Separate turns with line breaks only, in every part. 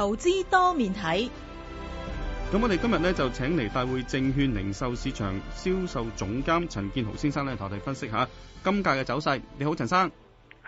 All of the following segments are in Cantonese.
投資多面睇，
咁我哋今日咧就請嚟大會證券零售市場銷售總監陳建豪先生咧，同我哋分析下金價嘅走勢。你好，陳生。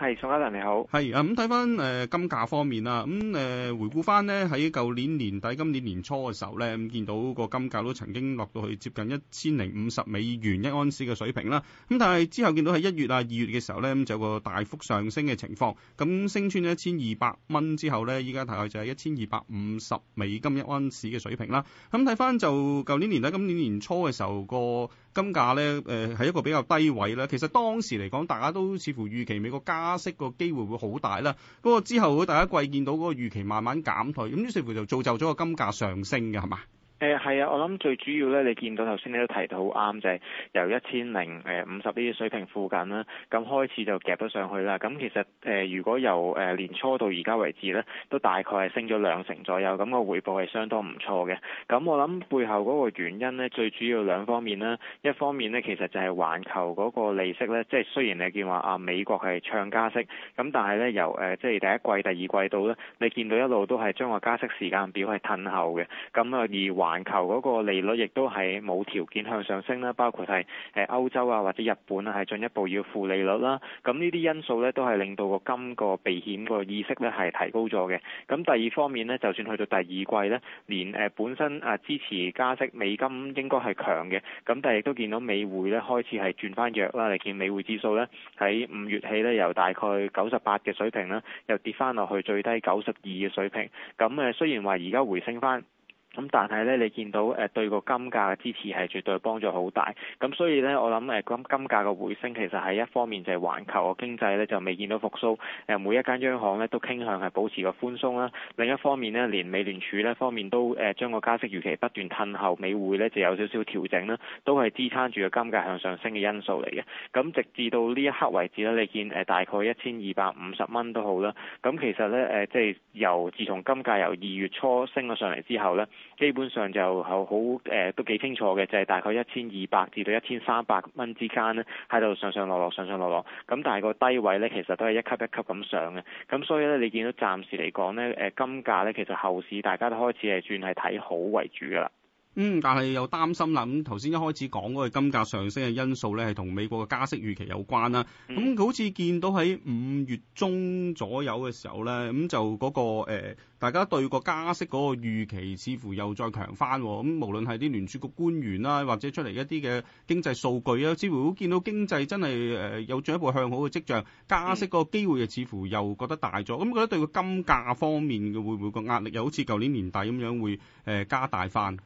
係，宋嘉良你好。係啊，咁睇翻誒金價方面啦，咁、嗯、誒、呃、回顧翻呢，喺舊年年底、今年年初嘅時候呢，咁、嗯、見到個金價都曾經落到去接近一千零五十美元一安士嘅水平啦。咁、嗯、但係之後見到喺一月啊、二月嘅時候呢，咁、嗯、就有個大幅上升嘅情況。咁、嗯、升穿咗一千二百蚊之後呢，依家大概就係一千二百五十美金一安士嘅水平啦。咁睇翻就舊年年底、今年年初嘅時候個，金價咧，誒、呃，係一個比較低位啦。其實當時嚟講，大家都似乎預期美國加息個機會會好大啦。不過之後如大家貴見到個預期慢慢減退，咁於是乎就造就咗個金價上升嘅，係嘛？
誒係、嗯、啊，我諗最主要咧，你見到頭先你都提到好啱，就係、是、由一千零誒五十呢啲水平附近啦，咁開始就夾咗上去啦。咁其實誒、呃、如果由誒、呃、年初到而家為止咧，都大概係升咗兩成左右，咁、那個回報係相當唔錯嘅。咁我諗背後嗰個原因咧，最主要兩方面啦。一方面咧，其實就係環球嗰個利息咧，即、就、係、是、雖然你見話啊美國係唱加息，咁但係咧由誒即係第一季第二季度咧，你見到一路都係將個加息時間表係褪後嘅，咁啊而環環球嗰個利率亦都係冇條件向上升啦，包括係誒歐洲啊或者日本啊係進一步要負利率啦。咁呢啲因素咧都係令到個金個避險個意識咧係提高咗嘅。咁第二方面咧，就算去到第二季咧，連誒本身啊支持加息，美金應該係強嘅，咁但係亦都見到美匯咧開始係轉翻弱啦。你見美匯指數咧喺五月起咧由大概九十八嘅水平啦，又跌翻落去最低九十二嘅水平。咁誒雖然話而家回升翻。咁但係咧，你見到誒對個金價嘅支持係絕對幫助好大。咁所以咧，我諗誒金金價嘅回升其實係一方面就係環球嘅經濟咧就未見到復甦，誒每一間央行咧都傾向係保持個寬鬆啦。另一方面咧，連美聯儲咧方面都誒將個加息預期不斷褪後，美匯咧就有少少調整啦，都係支撐住個金價向上升嘅因素嚟嘅。咁直至到呢一刻為止咧，你見誒大概一千二百五十蚊都好啦。咁其實咧誒即係由自從金價由二月初升咗上嚟之後咧。基本上就好誒、呃、都幾清楚嘅，就係、是、大概一千二百至到一千三百蚊之間呢，喺度上上落落上上落落，咁但係個低位呢，其實都係一級一級咁上嘅，咁所以呢，你見到暫時嚟講呢，誒、呃、金價呢，其實後市大家都開始係轉係睇好為主㗎啦。
嗯，但係又擔心啦。咁頭先一開始講嗰個金價上升嘅因素咧，係同美國嘅加息預期有關啦。咁、嗯嗯、好似見到喺五月中左右嘅時候咧，咁、嗯、就嗰、嗰個、呃、大家對個加息嗰個預期似乎又再強翻、哦。咁、嗯、無論係啲聯儲局官員啦、啊，或者出嚟一啲嘅經濟數據啊，似乎見到經濟真係誒有進一步向好嘅跡象，加息個機會啊，似乎又覺得大咗。咁、嗯嗯嗯、覺得對個金價方面嘅會唔會個壓力又好似舊年，年年底咁樣會誒加大翻？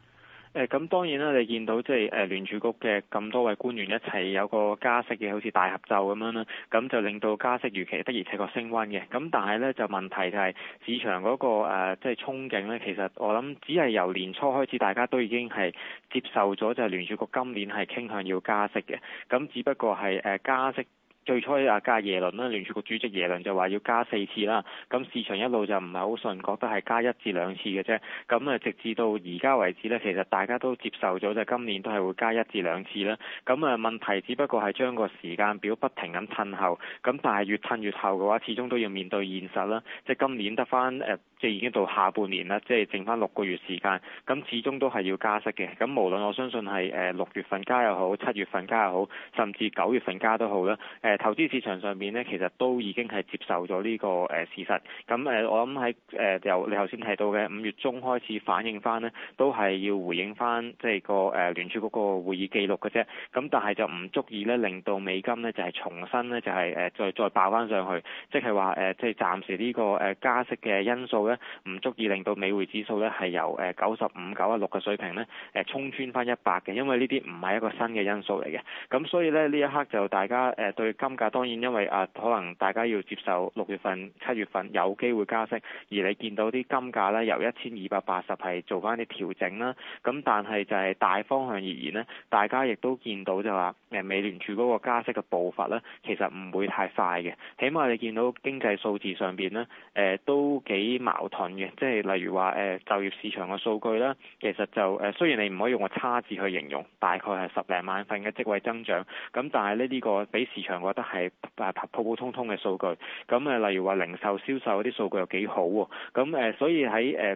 誒咁當然啦，你見到即係誒聯儲局嘅咁多位官員一齊有一個加息嘅，好似大合奏咁樣啦，咁就令到加息預期的而且確升溫嘅。咁但係呢，就問題就係市場嗰、嗰個即係、呃即係、憧憬呢。其實我諗只係由年初開始大家都已經係接受咗，就係聯儲局今年係傾向要加息嘅。咁只不過係誒、呃、加息。最初阿加耶倫啦，聯儲局主席耶倫就話要加四次啦。咁市場一路就唔係好信，覺得係加一至兩次嘅啫。咁啊，直至到而家為止呢，其實大家都接受咗，就今年都係會加一至兩次啦。咁啊，問題只不過係將個時間表不停咁褪後。咁但係越褪越後嘅話，始終都要面對現實啦。即係今年得翻誒。呃即係已經到下半年啦，即係剩翻六個月時間，咁始終都係要加息嘅。咁無論我相信係誒六月份加又好，七月份加又好，甚至九月份加都好啦。誒投資市場上邊呢，其實都已經係接受咗呢個誒事實。咁誒我諗喺誒由你頭先提到嘅五月中開始反映翻呢，都係要回應翻即係個誒聯儲局嗰個會議記錄嘅啫。咁但係就唔足以呢，令到美金呢就係重新呢，就係誒再再爆翻上去，即係話誒即係暫時呢個誒加息嘅因素。唔足以令到美匯指數咧係由誒九十五九啊六嘅水平咧誒衝穿翻一百嘅，因為呢啲唔係一個新嘅因素嚟嘅。咁所以咧呢一刻就大家誒、呃、對金價當然因為啊可能大家要接受六月份、七月份有機會加息，而你見到啲金價咧由一千二百八十係做翻啲調整啦。咁但係就係大方向而言咧，大家亦都見到就話誒美聯儲嗰個加息嘅步伐咧其實唔會太快嘅，起碼你見到經濟數字上面呢，誒、呃、都幾慢。矛盾嘅，即係例如話誒就業市場嘅數據啦，其實就誒雖然你唔可以用個差字去形容，大概係十零萬份嘅職位增長，咁但係呢呢個俾市場覺得係誒普普通通嘅數據，咁誒例如話零售銷售嗰啲數據又幾好喎，咁誒所以喺誒。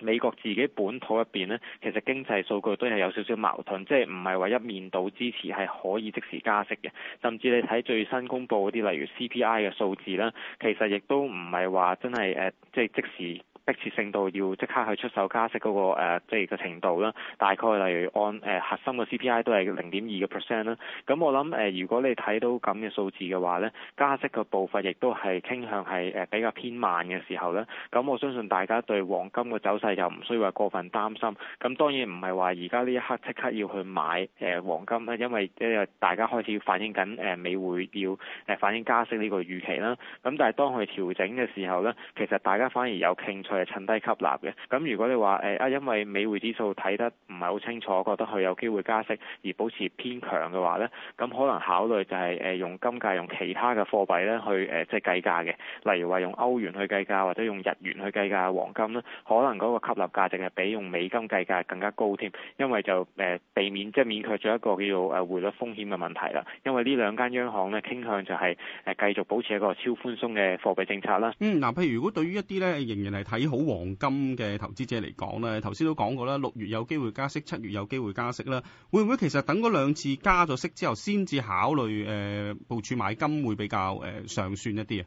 美國自己本土入邊呢，其實經濟數據都係有少少矛盾，即係唔係話一面倒支持係可以即時加息嘅，甚至你睇最新公布嗰啲，例如 CPI 嘅數字啦，其實亦都唔係話真係誒，即係即，即時。迫切性度要即刻去出手加息嗰個誒，即係個程度啦。大概例如按誒核心嘅 CPI 都係零點二個 percent 啦。咁我諗誒如果你睇到咁嘅數字嘅話咧，加息嘅步伐亦都係傾向係誒比較偏慢嘅時候咧。咁我相信大家對黃金嘅走勢又唔需要話過分擔心。咁當然唔係話而家呢一刻即刻要去買誒黃金啦，因為即係大家開始反映緊誒美匯要誒反映加息呢個預期啦。咁但係當佢調整嘅時候咧，其實大家反而有傾。佢係趁低吸納嘅，咁如果你話誒啊，因為美匯指數睇得唔係好清楚，覺得佢有機會加息而保持偏強嘅話呢，咁可能考慮就係誒用金價用其他嘅貨幣咧去誒即係計價嘅，例如話用歐元去計價或者用日元去計價黃金咧，可能嗰個吸納價值係比用美金計價更加高添，因為就誒避免即係、就是、免卻咗一個叫做誒匯率風險嘅問題啦。因為呢兩間央行咧傾向就係誒繼續保持一個超寬鬆嘅貨幣政策啦。
嗯，嗱、呃，譬如如果對於一啲呢，仍然係睇。以好黃金嘅投資者嚟講咧，頭先都講過啦，六月有機會加息，七月有機會加息啦，會唔會其實等嗰兩次加咗息之後先至考慮誒、呃、部署買金會比較誒、呃、上算一啲啊？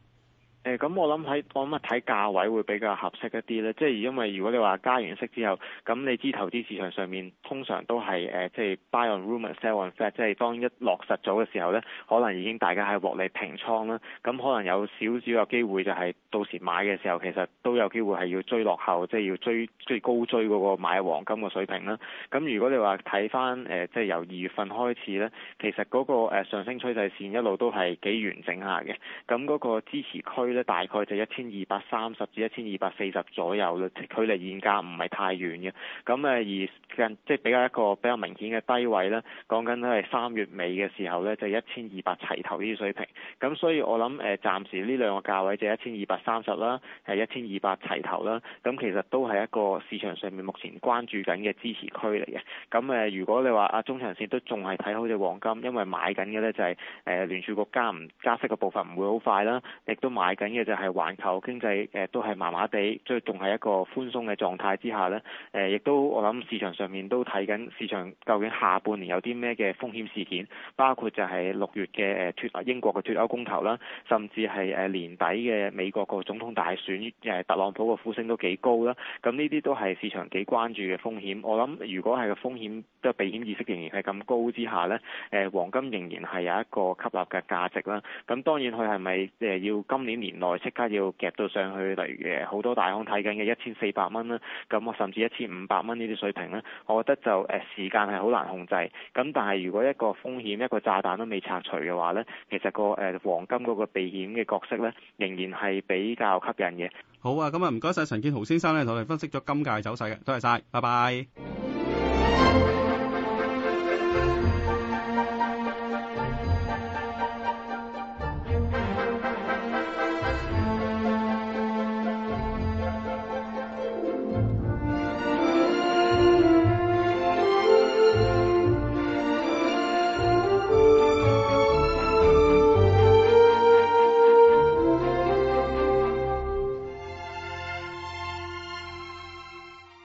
誒咁、嗯、我諗喺我諗係睇價位會比較合適一啲咧，即、就、係、是、因為如果你話加完息之後，咁你知投資市場上面通常都係誒，即、呃、係、就是、buy on rumor，sell on fact 即係當一落實咗嘅時候咧，可能已經大家係獲利平倉啦。咁可能有少少個機會就係到時買嘅時候，其實都有機會係要追落後，即、就、係、是、要追追高追嗰個買黃金嘅水平啦。咁如果你話睇翻誒，即、呃、係、就是、由二月份開始咧，其實嗰個誒上升趨勢線一路都係幾完整下嘅，咁嗰個支持區。大概就一千二百三十至一千二百四十左右啦，距離現價唔係太遠嘅。咁誒而近即係比較一個比較明顯嘅低位啦，講緊都係三月尾嘅時候咧，就一千二百齊頭呢啲水平。咁所以我諗誒、呃，暫時呢兩個價位就一千二百三十啦，係一千二百齊頭啦。咁其實都係一個市場上面目前關注緊嘅支持區嚟嘅。咁誒、呃，如果你話啊中長線都仲係睇好隻黃金，因為買緊嘅咧就係、是、誒、呃、聯儲局加唔加息嘅部分唔會好快啦，亦都買。緊嘅就係環球經濟誒、呃、都係麻麻地，即係仲係一個寬鬆嘅狀態之下呢，誒、呃，亦都我諗市場上面都睇緊市場究竟下半年有啲咩嘅風險事件，包括就係六月嘅脫英國嘅脫歐公投啦，甚至係誒年底嘅美國個總統大選誒特朗普個呼聲都幾高啦。咁呢啲都係市場幾關注嘅風險。我諗如果係個風險嘅避險意識仍然係咁高之下呢，誒、呃、黃金仍然係有一個吸納嘅價值啦。咁當然佢係咪誒要今年年內即刻要夾到上去，例如誒好多大行睇緊嘅一千四百蚊啦，咁我甚至一千五百蚊呢啲水平咧，我覺得就誒時間係好難控制。咁但係如果一個風險一個炸彈都未拆除嘅話呢，其實個誒黃金嗰個避險嘅角色呢，仍然係比較吸引嘅。
好啊，咁啊唔該晒，陳建豪先生咧，同我哋分析咗今屆走勢嘅，多謝晒，拜拜。